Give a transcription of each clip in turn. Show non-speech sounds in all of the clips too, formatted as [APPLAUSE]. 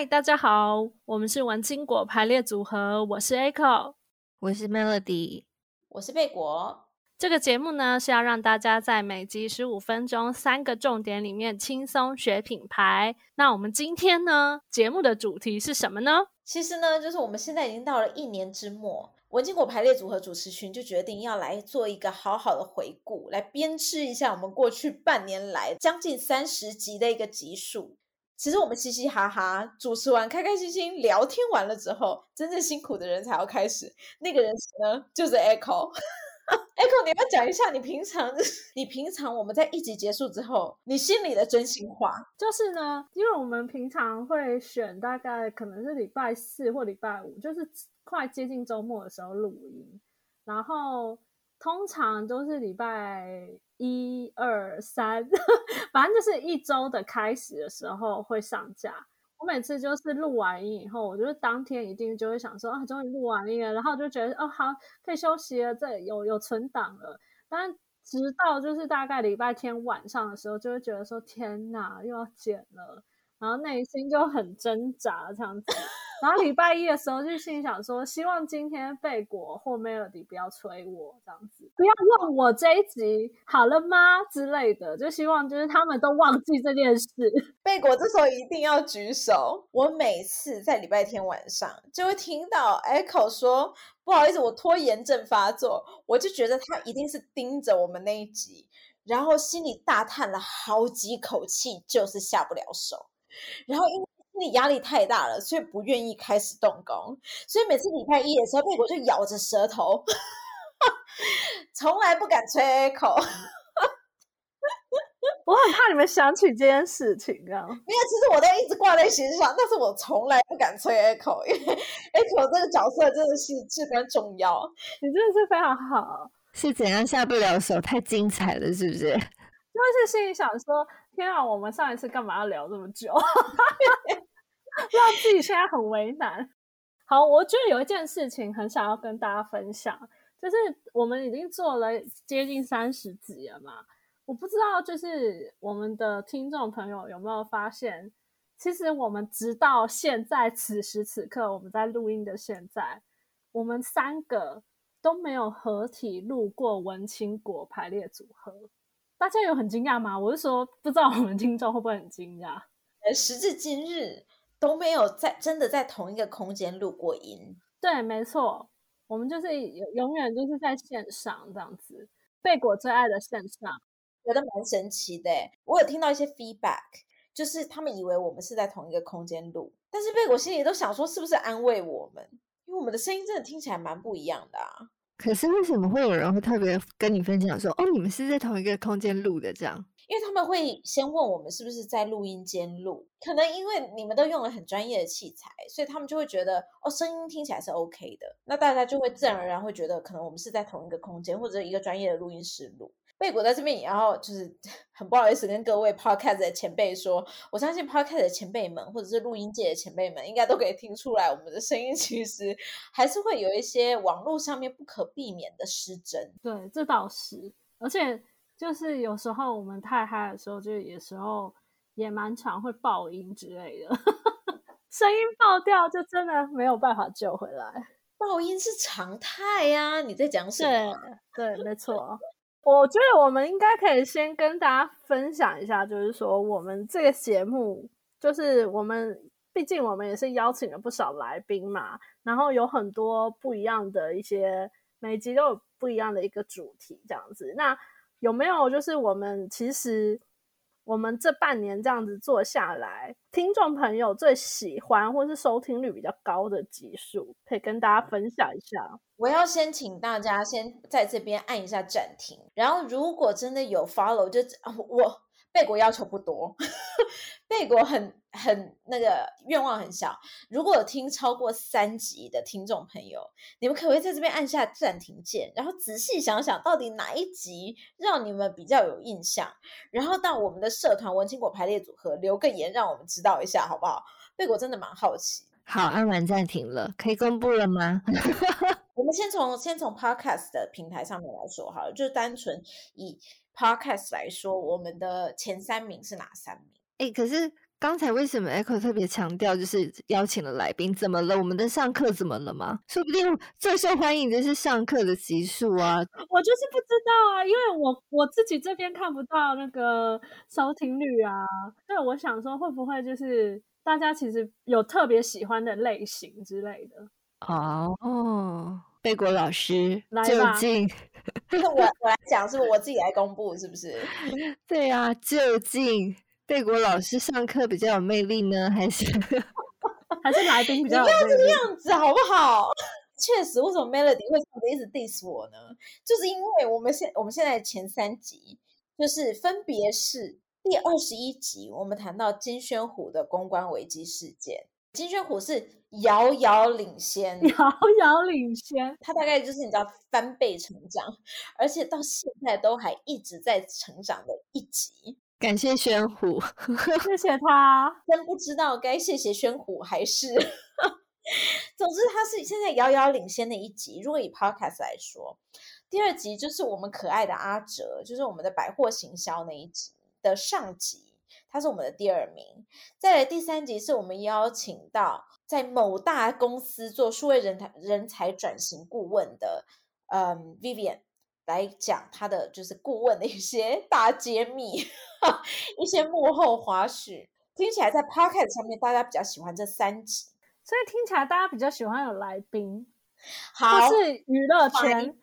嗨，大家好，我們是文青果排列組合，我是 Echo，我是 Melody，我是貝果。這個節目呢是要讓大家在每集十五分鐘三個重點裡面輕鬆學品牌。那我們今天呢節目的主題是什麼呢？其實呢就是我們現在已經到了一年之末，文青果排列組合主持群就決定要來做一個好好的回顧，來編織一下我們過去半年來將近三十集的一個集數。其實我們嘻嘻哈哈主持完，開開心心聊天完了之後，真正辛苦的人才要開始。那個人呢，就是 Echo。 [LAUGHS] Echo，你要不要講一下你平常， [LAUGHS] 你平常我們在一集結束之後，你心裡的真心話。就是呢，因為我們平常會選大概可能是禮拜四或禮拜五，就是快接近周末的時候錄音，然後。通常都是禮拜一、二、三， [LAUGHS] 反正就是一周的開始的時候會上架。我每次就是錄完音以後，我就是當天一定就會想說，啊，終於錄完音了，然後就覺得，哦，好，可以休息了，這裡有有存檔了。但直到就是大概禮拜天晚上的時候，就會覺得說，天哪，又要剪了，然後內心就很掙扎，這樣子。 [LAUGHS] 然後禮拜一的時候，就心裡想說，希望今天貝果或 Melody 不要催我這樣子，不要問我這一集好了嗎之類的，就希望就是他們都忘記這件事。貝果這時候一定要舉手。我每次在禮拜天晚上就會聽到 Echo 說：“不好意思，我拖延症發作。”我就覺得他一定是盯着我們那一集，然後心裡大嘆了好幾口氣，就是下不了手。然後因為你壓力太大了，所以不願意開始動工，所以每次禮拜一的時候，貝果就咬着舌頭，從 [LAUGHS] 來不敢吹 Echo。 [LAUGHS] 我很怕你們想起這件事情啊，剛沒有其實我在一直掛在心上，但是我從來不敢吹 Echo，因為 Echo 這個角色真的是至關重要，你真的是非常好，是怎樣下不了手？太精彩了，是不是？就是心裡想說，天啊，我們上一次幹嘛要聊這麼久？ [LAUGHS] [LAUGHS] 讓自己現在很為難。好，我覺得有一件事情很想要跟大家分享，就是我們已經做了接近三十集了嘛。我不知道，就是我們的聽眾朋友有沒有發現，其實我們直到現在此時此刻我們在錄音的現在，我們三個都沒有合體錄過文青果排列組合。大家有很驚訝嗎？我是說，不知道我們聽眾會不會很驚訝？呃、欸，時至今日。都沒有在真的在同一個空間錄過音。對，沒錯，我們就是永永遠就是在線上這樣子。貝果最愛的線上，覺得蠻神奇的。我有聽到一些 feedback，就是他們以為我們是在同一個空間錄，但是貝果心裡都想說是不是安慰我們，因為我們的聲音真的聽起來蠻不一樣的啊。可是為什麼會有人會特別跟你分享說，哦，你們是在同一個空間錄的這樣？因為他們會先問我們是不是在錄音間錄，可能因為你們都用了很專業的器材，所以他們就會覺得哦，聲音聽起來是 OK 的。那大家就會自然而然會覺得，可能我們是在同一個空間或者是一個專業的錄音室錄。貝果在這邊也要就是很不好意思跟各位 Podcast 的前輩說，我相信 Podcast 的前輩們或者是錄音界的前輩們，應該都可以聽出來，我們的聲音其實還是會有一些網絡上面不可避免的失真。對，這倒是，而且。就是有時候我們太嗨的時候，就有時候也蠻常會爆音之類的， [LAUGHS] 聲音爆掉就真的沒有辦法救回來。爆音是常態呀。啊！你在講什麼？對，對，沒錯。 [LAUGHS] 我覺得我們應該可以先跟大家分享一下，就是說我們這個節目，就是我們畢竟我們也是邀請了不少來賓嘛，然後有很多不一樣的一些，每集都有不一樣的一個主題這樣子。那有沒有就是我們其實我們這半年這樣子做下來，聽眾朋友最喜歡或是收聽率比較高的集數可以跟大家分享一下？我要先請大家先在這邊按一下暫停，然後如果真的有 follow，就我。貝果要求不多， [LAUGHS] 貝果很很那個願望很小。如果有聽超過三集的聽眾朋友，你們可不可以在這邊按下暫停鍵，然後仔細想想到底哪一集讓你們比較有印象，然後到我們的社團文青果排列組合留個言，讓我們知道一下好不好？貝果真的蠻好奇。好，按完暫停了，可以公布了嗎？ [LAUGHS] 先從先從 Podcast 的平台上面來說好了，就單純以 Podcast 來說，我們的前三名是哪三名？哎、欸，可是剛才為什麼 Echo 特別強調就是邀請了來賓怎麼了？我們的上課怎麼了嗎？說不定最受歡迎的是上課的集數啊！我就是不知道啊，因為我我自己這邊看不到那個收聽率啊。所以我想說會不會就是大家其實有特別喜歡的類型之類的哦。Oh. 貝果老師，究竟？這個 [LAUGHS] 我我來講，是我自己來公布，是不是？對呀，啊，究竟貝果老師上課比較有魅力呢，還是 [LAUGHS] 還是來賓比較？你不要這個樣子，好不好？ [LAUGHS] 確實，為什麼 Melody 會什麼一直 diss 我呢？就是因為我們現我們現在前三集，就是分別是第二十一集，我們談到金宣虎的公關危機事件，金宣虎是。遙遙領先，遙遙領先。他大概就是你知道翻倍成長，而且到現在都還一直在成長的一集。感謝宣虎，謝謝他。真不知道該謝謝宣虎還是。 [LAUGHS] 總之，他是現在遙遙領先的一集。如果以 Podcast 來說，第二集就是我們可愛的阿哲，就是我們的百貨行銷那一集的上集，他是我們的第二名。再來第三集是我們邀請到。在某大公司做數位人才人才轉型顧問的，嗯、um,，Vivian 來講他的就是顧問的一些大揭秘， [LAUGHS] 一些幕後花絮，聽起來在 Podcast 上面大家比較喜歡這三集，所以聽起來大家比較喜歡有來賓，好是娛樂圈。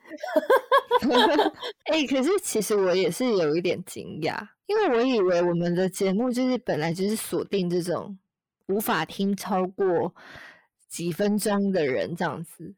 哎、 [LAUGHS] 欸，可是其實我也是有一點驚訝，因為我以為我們的節目就是本來就是鎖定這種。無法聽超過幾分鐘的人這樣子，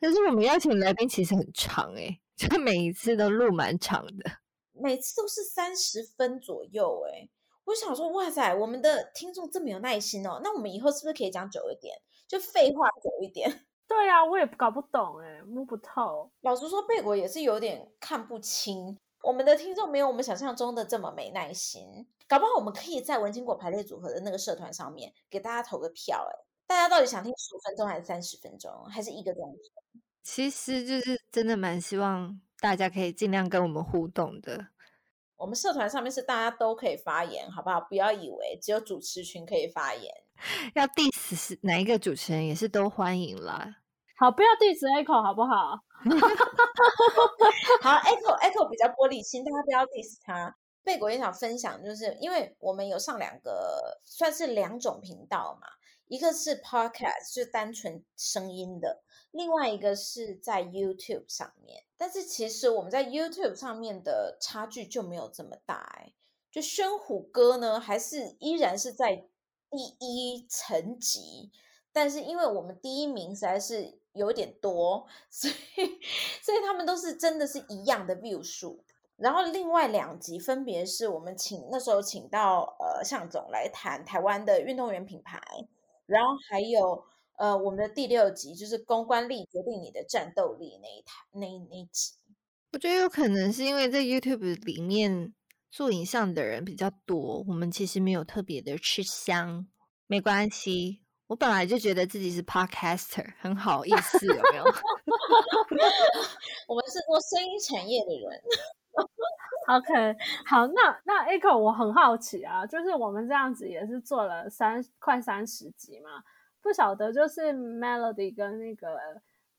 可是我們邀請來賓其實很長欸，就每一次都錄蠻長的，每次都是三十分左右欸，我想說哇塞，我們的聽眾這麼有耐心哦，那我們以後是不是可以講久一點？就廢話久一點。對啊，我也搞不懂欸，摸不透。老實說，貝果也是有點看不清。我們的聽眾沒有我們想象中的這麼沒耐心，搞不好我們可以在文青果排列組合的那個社團上面給大家投個票，誒，大家到底想聽十五分鐘還是三十分鐘，還是一個鐘鐘？其實就是真的蠻希望大家可以儘量跟我們互動的。我們社團上面是大家都可以發言，好不好？不要以為只有主持群可以發言，要 diss 是哪一個主持人也是都歡迎啦。好，不要 diss Echo 好不好？ [LAUGHS] [LAUGHS] 好，Echo Echo 比較玻璃心，大家不要 diss 他。貝果也想分享，就是因為我們有上兩個，算是兩種頻道嘛，一個是 Podcast，就單純聲音的，另外一個是在 YouTube 上面。但是其實我們在 YouTube 上面的差距就沒有這麼大，欸，誒。就宣虎哥呢，還是依然是在第一層級。但是因為我們第一名實在是。有點多，所以所以他們都是真的是一樣的 view 數。然後另外兩集分別是我們請那時候請到呃向總來談台灣的運動員品牌，然後還有呃我們的第六集就是公關力決定你的戰鬥力那一台那那一集，我覺得有可能是因為在 YouTube 裡面做影像的人比較多，我們其實沒有特別的吃香，沒關係。我本來就覺得自己是 podcaster，很好意思，有沒有？ [LAUGHS] [LAUGHS] [LAUGHS] 我們是做聲音產業的人。好 [LAUGHS] ，k、okay, 好，那那 Echo，我很好奇啊，就是我們這樣子也是做了三，快三十集嘛，不曉得就是 Melody 跟那個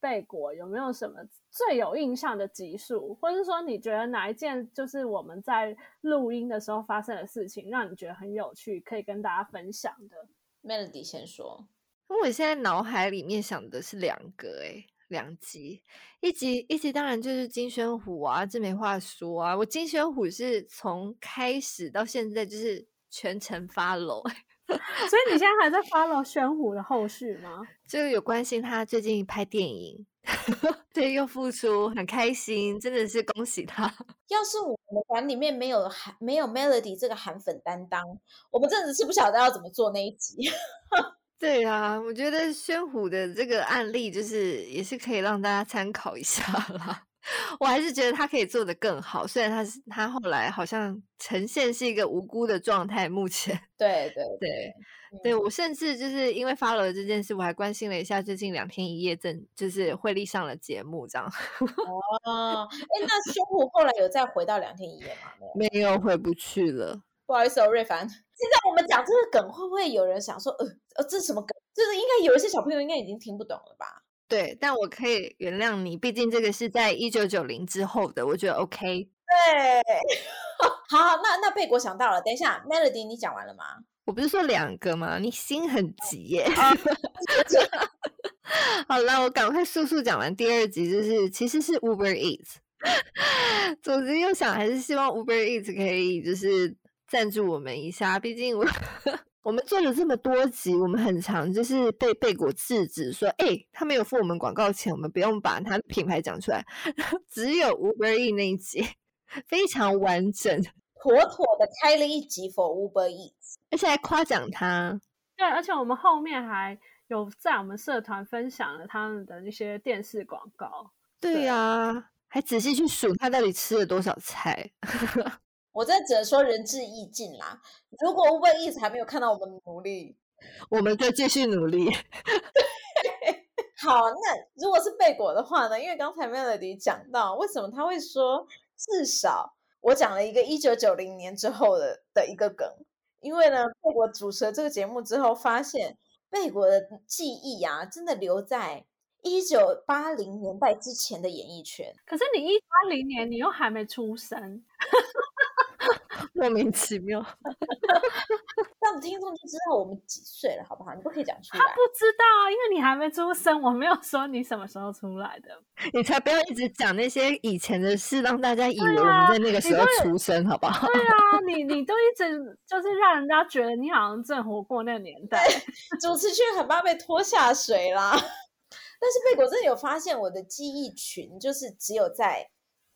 貝果有沒有什麼最有印象的集數，或者是說你覺得哪一件就是我們在錄音的時候發生的事情，讓你覺得很有趣，可以跟大家分享的？Melody 先說，因為我現在腦海裡面想的是兩個、欸，誒兩集，一集一集當然就是金宣虎啊，這沒話說啊，我金宣虎是從開始到現在就是全程 follow。 [LAUGHS] 所以你現在還在 follow 宣虎的後續嗎？就有關心他最近拍電影， [LAUGHS] 對，又復出，很開心，真的是恭喜他。要是我們團裡面沒有沒有 Melody 這個韓粉擔當，我們真的是不曉得要怎麼做那一集。 [LAUGHS] 對啊，我覺得宣虎的這個案例就是也是可以讓大家參考一下啦。我還是覺得他可以做得更好，雖然他是他後來好像呈現是一個無辜的狀態。目前，對對對，對、嗯、對我甚至就是因為 follow 了這件事，我還關心了一下最近兩天一夜正就是惠利上了節目這樣。哦，哎，那宣虎後來有再回到兩天一夜嗎？沒有，沒有，回不去了。不好意思哦，瑞凡，現在我們講這個梗，會不會有人想說，呃呃，這什麼梗？就是應該有一些小朋友應該已經聽不懂了吧？對，但我可以原諒你，畢竟這個是在一九九零之後的，我覺得 OK。對， [LAUGHS] 好，好，那那貝果想到了，等一下，Melody 你講完了嗎？我不是說兩個嗎？你心很急耶。 [LAUGHS] [LAUGHS] 好了，我趕快速速講完第二集，就是其實是 Uber Eats。總 [LAUGHS] 之又想，還是希望 Uber Eats 可以就是贊助我們一下，畢竟我。 [LAUGHS] 我們做了這麼多集，我們很常就是被被貝果制止說，哎、欸，他沒有付我們廣告錢，我們不用把他品牌講出來。只有 Uber Eats 那一集非常完整，妥妥的開了一集 For Uber Eats，而且還誇獎他。對，而且我們後面還有在我們社團分享了他們的那些電視廣告。對呀、啊，還仔細去數他到底吃了多少菜。 [LAUGHS] 我這只能說仁至義盡啦。如果沃貝一直還沒有看到我們的努力，我們就繼續努力 [LAUGHS] 對。好，那如果是貝果的話呢？因為剛才 Melody 講到，為什麼他會說至少我講了一個一九九零年之後的的一個梗。因為呢，貝果主持了這個節目之後，發現貝果的記憶啊，真的留在一九八零年代之前的演藝圈。可是你一八零年，你又還沒出生。 [LAUGHS] 莫名其妙，這樣聽眾就知道我們幾歲了，好不好？你不可以講出來。他不知道，因為你還沒出生，我沒有說你什麼時候出來的。你才不要一直講那些以前的事，讓大家以為我們在那個時候出生，啊、好不好？對啊，你你都一直就是讓人家覺得你好像正活過那個年代。 [LAUGHS] 主持卻很怕被拖下水啦。但是貝果真的有發現，我的記憶群就是只有在。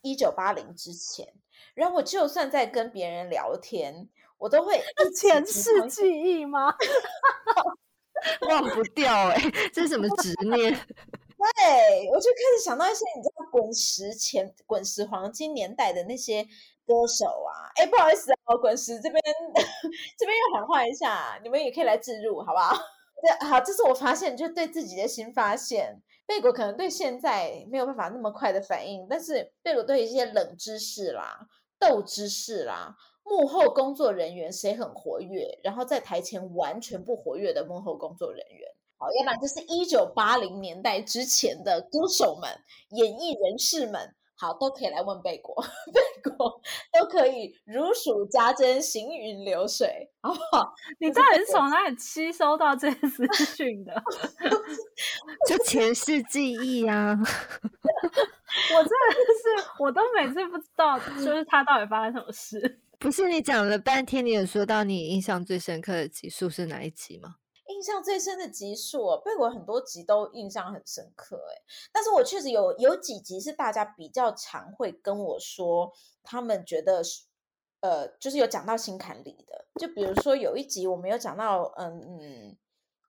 一九八零之前，然後我就算在跟別人聊天，我都會前世記憶嗎？ [LAUGHS] 忘不掉哎、欸， [LAUGHS] 這是什麼執念？對，我就開始想到一些你知道滾石前滾石黃金年代的那些歌手啊。哎，不好意思啊，滾石這邊這邊又喊話一下，你們也可以來置入好不好？對，好，這是我發現，就是對自己的新發現。貝果可能對現在沒有辦法那麼快的反應，但是貝果對一些冷知識啦、斗知識啦、幕後工作人員誰很活躍，然後在台前完全不活躍的幕後工作人員，好，要不然就是一九八零年代之前的歌手們、演藝人士們。好，都可以來問貝果，貝果都可以如數家珍，行雲流水。好不好？你到底是從哪裡吸收到這些資訊的？ [LAUGHS] [LAUGHS] [LAUGHS] [LAUGHS] 就前世記憶呀、啊！ [LAUGHS] [LAUGHS] 我真的是，我都每次不知道，就是他到底發生什麼事。不是你講了半天，你有說到你印象最深刻的集數是哪一集嗎？印象最深的集數，啊，被我很多集都印象很深刻，欸，但是我確實有有幾集是大家比較常會跟我說，他們覺得是，呃，就是有講到心坎裡的，就比如說有一集我們有講到，嗯嗯，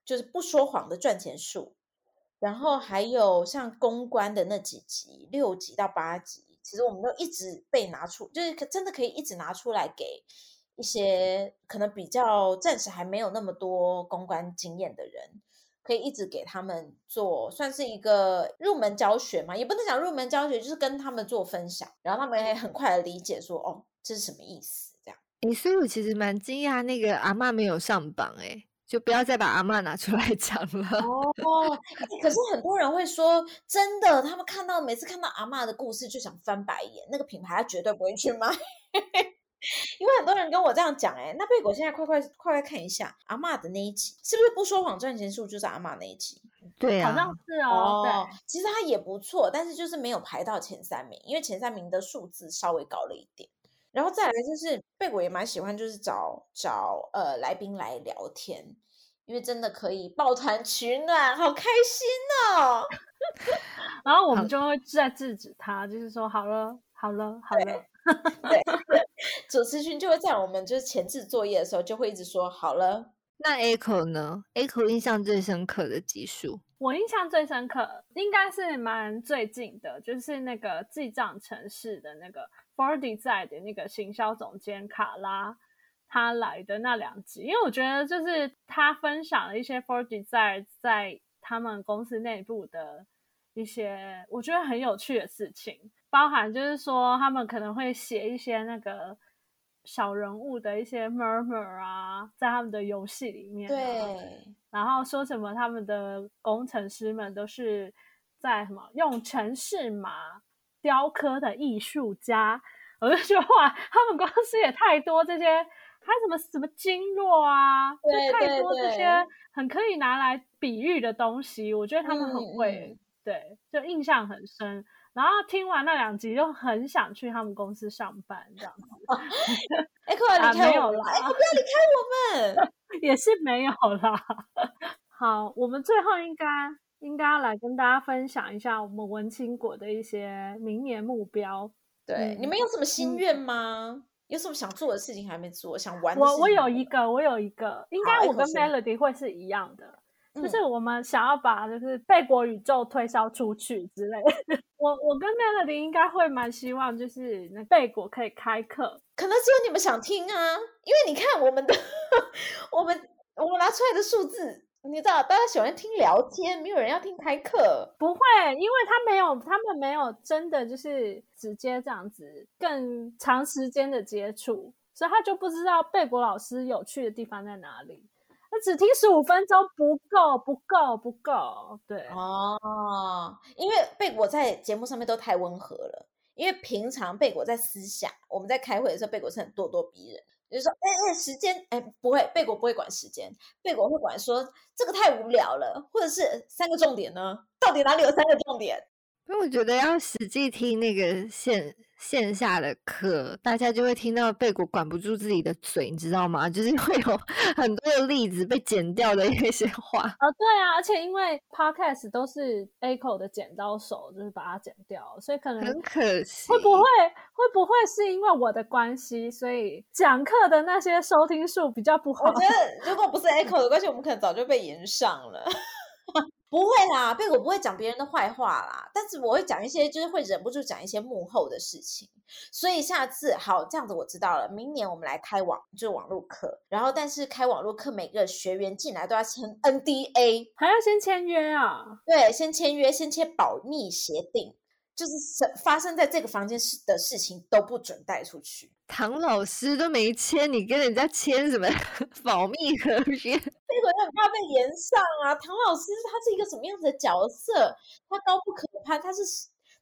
就是不說謊的賺錢術，然後還有像公關的那幾集，六集到八集，其實我們都一直被拿出，就是可真的可以一直拿出來給。一些可能比較暫時還沒有那麼多公關經驗的人，可以一直給他們做，算是一個入門教學嘛，也不能講入門教學，就是跟他們做分享，然後他們也很快的理解說，哦，這是什麼意思？這樣，你思路其實蠻驚訝，那個阿嬤沒有上榜。欸，哎，就不要再把阿嬤拿出來講了。哦，欸，可是很多人會說，真的，他們看到每次看到阿嬤的故事就想翻白眼，那個品牌他絕對不會去買。 [LAUGHS] 因為很多人跟我這樣講，哎，那貝果現在快快快快看一下阿媽的那一集，是不是不說謊賺錢數就是阿媽那一集？對啊，好像是哦，哦對。其實他也不錯，但是就是沒有排到前三名，因為前三名的數字稍微高了一點。然後再來就是貝果也蠻喜歡，就是找找呃來賓來聊天，因為真的可以抱團取暖，好開心哦。 [LAUGHS] 然後我們就會在制止他，就是說好了好了好了，對。對 [LAUGHS] 主持人就會在我們就是前置作業的時候，就會一直說好了。那 Echo 呢？Echo 印象最深刻的技術，我印象最深刻應該是蠻最近的，就是那個記賬城市的那個 Four Design 的那個行銷總監卡拉，他來的那兩集，因為我覺得就是他分享了一些 Four Design 在他們公司內部的一些我覺得很有趣的事情，包含就是說他們可能會寫一些那個。小人物的一些 murmur 啊，在他們的遊戲裡面，對，然後說什麼他們的工程師們都是在什麼用程式碼雕刻的藝術家，我就說哇，他們公司也太多這些還，還什麼什麼經絡啊，對，就太多這些很可以拿來比喻的東西，對對對，我覺得他們很會，嗯，對，就印象很深。然後聽完那兩集就很想去他們公司上班這樣子，哎、oh, [LAUGHS] 啊，不要離開我們， [LAUGHS] 也是沒有了。 [LAUGHS] 好，我們最後應該應該要來跟大家分享一下我們文青果的一些明年目標。對，嗯、你們有什麼心願嗎、嗯？有什麼想做的事情還沒做？想完？我我有一個，我有一個，應該我跟 Melody, 我跟 Melody 是會是一樣的。就是我們想要把就是貝果宇宙推銷出去之類的，嗯。我我跟 Melody 應該會蠻希望，就是那貝果可以開課。可能只有你們想聽啊，因為你看我們的我們我們拿出來的數字，你知道大家喜歡聽聊天，沒有人要聽開課。不會，因為他沒有他們沒有真的就是直接這樣子更長時間的接觸，所以他就不知道貝果老師有趣的地方在哪裡。他只聽十五分鐘不夠，不夠，不夠。對哦，因為貝果在節目上面都太溫和了。因為平常貝果在私下，我們在開會的時候，貝果是很咄咄逼人，比如說，哎、欸、哎、欸，時間，哎、欸，不會，貝果不會管時間，貝果會管說這個太無聊了，或者是三個重點呢？到底哪裡有三個重點？因為我覺得要實際聽那個線線下的課，大家就會聽到貝果管不住自己的嘴，你知道嗎？就是會有很多的例子被剪掉，的一些話啊、呃，對啊，而且因為 podcast 都是 echo 的剪刀手，就是把它剪掉，所以可能會會很可惜。會不會、會不會是因為我的關係，所以講課的那些收聽數比較不好？我覺得如果不是 echo 的關係，我們可能早就被炎上了。 [LAUGHS] 不會啦，貝果不會講別人的壞話啦，但是我會講一些，就是會忍不住講一些幕後的事情。所以下次好這樣子，我知道了。明年我們來開網，就是網絡課。然後，但是開網絡課，每個學員進來都要簽 NDA，還要先簽約啊。對，先簽約，先簽保密協定，就是發生在這個房間的事情都不准帶出去。唐老師都沒簽，你跟人家簽什麼保密合約？他很怕被連上啊。唐老師他是一個什麼樣子的角色？他高不可攀，他是，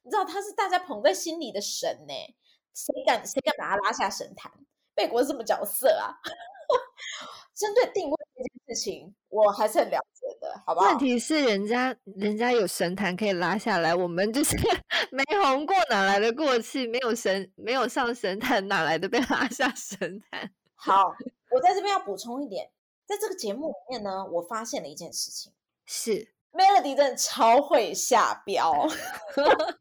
你知道他是大家捧在心裡的神呢。欸，誰敢誰敢把他拉下神壇？貝果是什麼角色啊？針 [LAUGHS] 對定位這件事情，我還是很了解的，好吧？問題是人家，人家有神壇可以拉下來，我們就是沒紅過，哪來的過氣？沒有神，沒有上神壇，哪來的被拉下神壇？好，我在這邊要補充一點。 [LAUGHS] 在這個節目裡面呢，我發現了一件事情，是 Melody 真的超會下標。 [LAUGHS]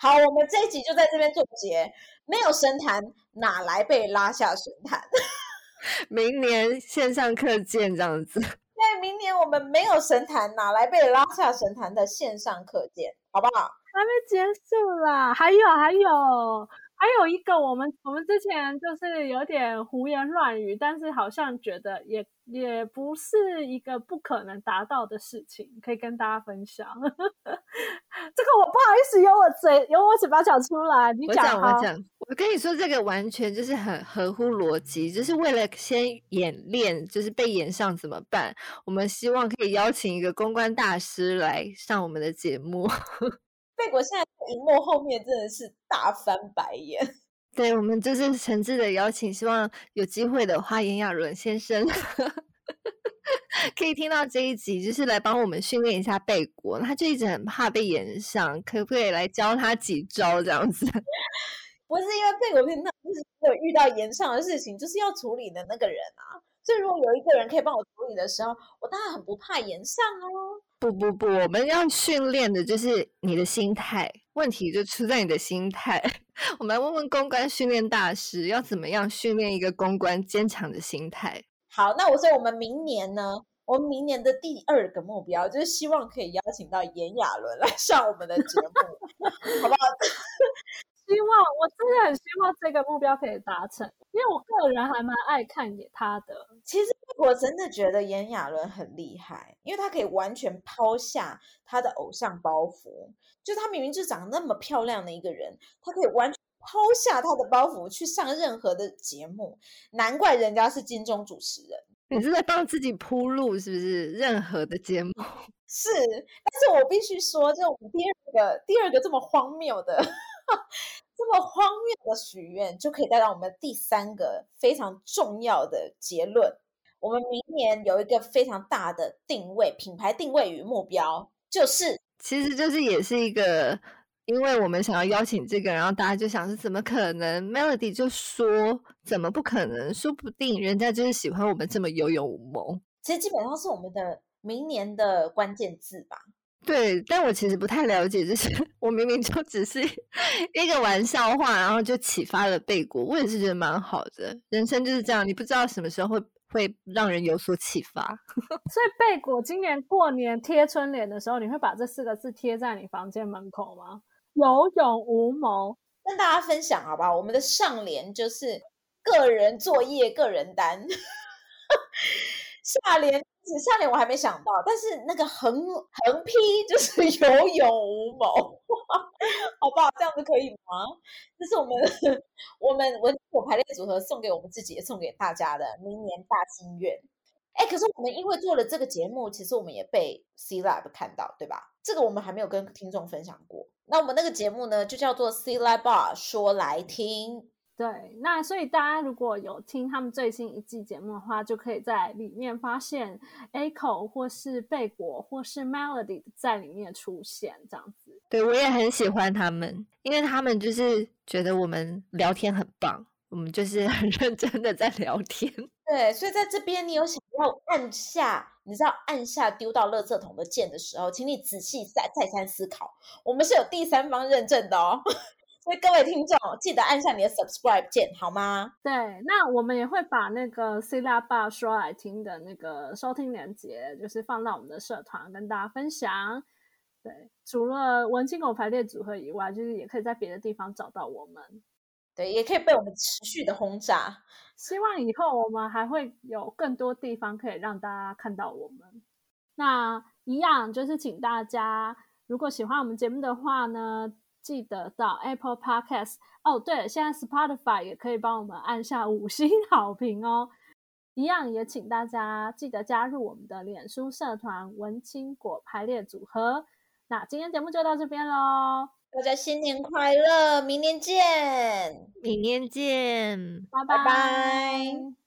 好，我們這一集就在這邊做結，沒有神壇，哪來被拉下神壇？ [LAUGHS] 明年線上課件這樣子。對，明年我們沒有神壇，哪來被拉下神壇的線上課件？好不好？還沒結束啦，還有還有。還有一個，我們我們之前就是有點胡言亂語，但是好像覺得也也不是一個不可能達到的事情，可以跟大家分享。 [LAUGHS] 這個我不好意思，由我嘴由我嘴巴講出來，你講我講，我講。我跟你說，這個完全就是很合乎邏輯，就是為了先演練，就是被演上怎麼辦？我們希望可以邀請一個公關大師來上我們的節目。 [LAUGHS] 貝果現在熒幕後面真的是大翻白眼，對，我們就是誠摯的邀請，希望有機會的話，炎亞綸先生 [LAUGHS] 可以聽到這一集，就是來幫我們訓練一下貝果，他就一直很怕被炎上，可不可以來教他幾招這樣子？不是因為貝果，那就是有遇到炎上的事情，就是要處理的那個人啊。是，如果有一個人可以幫我處理的時候，我當然很不怕言上哦。不不不，我們要訓練的就是你的心態，問題就出在你的心態。我們來問問公關訓練大師，要怎麼樣訓練一個公關堅強的心態？好，那我說我們明年呢？我們明年的第二個目標就是希望可以邀請到炎亞綸來上我們的節目， [LAUGHS] 好不好？ [LAUGHS] 希望我真的很希望這個目標可以達成，因為我個人還蠻愛看給他的。其實我真的覺得炎亞綸很厲害，因為他可以完全拋下他的偶像包袱，就他明明就長得那麼漂亮的一個人，他可以完全拋下他的包袱去上任何的節目，難怪人家是金鐘主持人。你是在幫自己鋪路，是不是？任何的節目 [LAUGHS] 是，但是我必須說，就我第二個第二個這麼荒謬的。 [LAUGHS] 這麼荒謬的許願，就可以帶到我們第三個非常重要的結論。我們明年有一個非常大的定位，品牌定位與目標，就是其實就是也是一個，因為我們想要邀請這個，然後大家就想是怎麼可能？Melody 就說怎麼不可能？說不定人家就是喜歡我們這麼有勇無謀。其實基本上是我們的明年的關鍵字吧。對，但我其實不太了解，就是我明明就只是一個玩笑話，然後就啟發了貝果，我也是覺得蠻好的，人生就是這樣，你不知道什麼時候會會讓人有所啟發。所以貝果今年過年貼春聯的時候，你會把這四個字貼在你房間門口嗎？有勇無謀，跟大家分享好不好？我們的上聯就是個人作業個人擔。 [LAUGHS] 下聯。下聯我還沒想到，但是那個橫橫批就是有勇無謀，好不好？這樣子可以嗎？這是我們我們文青果排列組合送給我們自己，也送給大家的明年大心願。哎、欸，可是我們因為做了這個節目，其實我們也被 C Lab 看到，對吧？這個我們還沒有跟聽眾分享過。那我們那個節目呢，就叫做 C Lab Bar 說來聽。對，那所以大家如果有聽他們最新一季節目的話，就可以在裡面發現 Echo 或是貝果或是 Melody 在裡面出現這樣子。對，我也很喜歡他們，因為他們就是覺得我們聊天很棒，我們就是很認真的在聊天。對，所以在這邊你有想要按下，你知道按下丟到垃圾桶的鍵的時候，請你仔細再再三思考，我們是有第三方認證的哦。所以各位聽眾，記得按下你的 Subscribe 鍵，好嗎？對，那我們也會把那個 C-LAB 吧說來聽的那個收聽連結，就是放到我們的社團跟大家分享。對，除了文青果排列組合以外，就是也可以在別的地方找到我們。對，也可以被我們持續的轟炸。希望以後我們還會有更多地方可以讓大家看到我們。那一樣就是，請大家如果喜歡我們節目的話呢，記得到 Apple Podcast。哦，對了，現在 Spotify 也可以幫我們按下五星好評哦。一樣也請大家記得加入我們的臉書社團“文青果排列組合”。那今天節目就到這邊嘍，大家新年快樂！明年見，明年見，拜拜。Bye bye